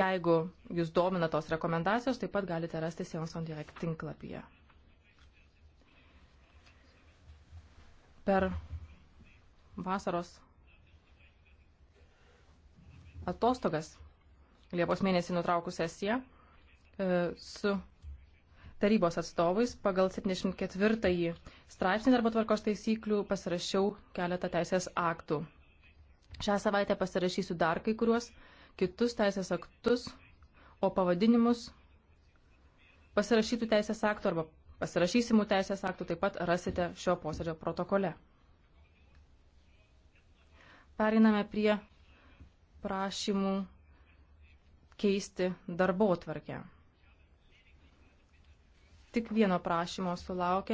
Jeigu jūs domina tos rekomendacijos, taip pat galite rasti Sienos on Direct tinklapyje. Per vasaros atostogas Liepos mėnesį nutraukus sesiją e, su tarybos atstovais pagal 74 straipsnį darbo tvarkos taisyklių pasirašiau keletą teisės aktų. Šią savaitę pasirašysiu dar kai kuriuos kitus teisės aktus, o pavadinimus pasirašytų teisės aktų arba pasirašysimų teisės aktų taip pat rasite šio posėdžio protokole. Periname prie prašymų keisti darbo tvarkę. Tik vieno prašymo sulaukėme.